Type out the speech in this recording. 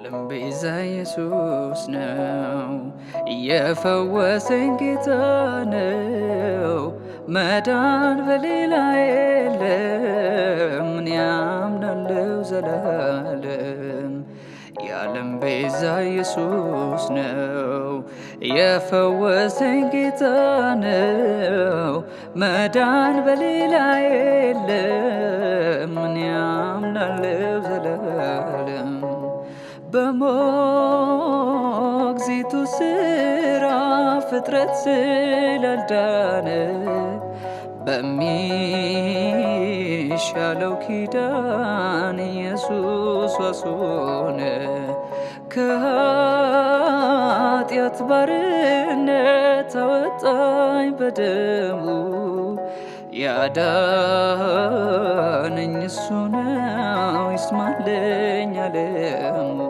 العالم بإذا يسوس ነው የፈወሰኝ ጌታ ነው። መዳን በሌላ የለም። እኔ አምናለሁ ዘላለም የዓለም ቤዛ ኢየሱስ ነው። የፈወሰኝ ጌታ ነው። መዳን በሌላ የለም። እኔ አምናለሁ ዘላለም በሞግዚቱ ስራ ፍጥረት ስላልዳነ በሚሻለው ኪዳን ኢየሱስ ዋስ ከኃጢአት ባርነት አወጣኝ በደሙ ያዳነኝ እሱ ነው ይስማለኝ አለሙ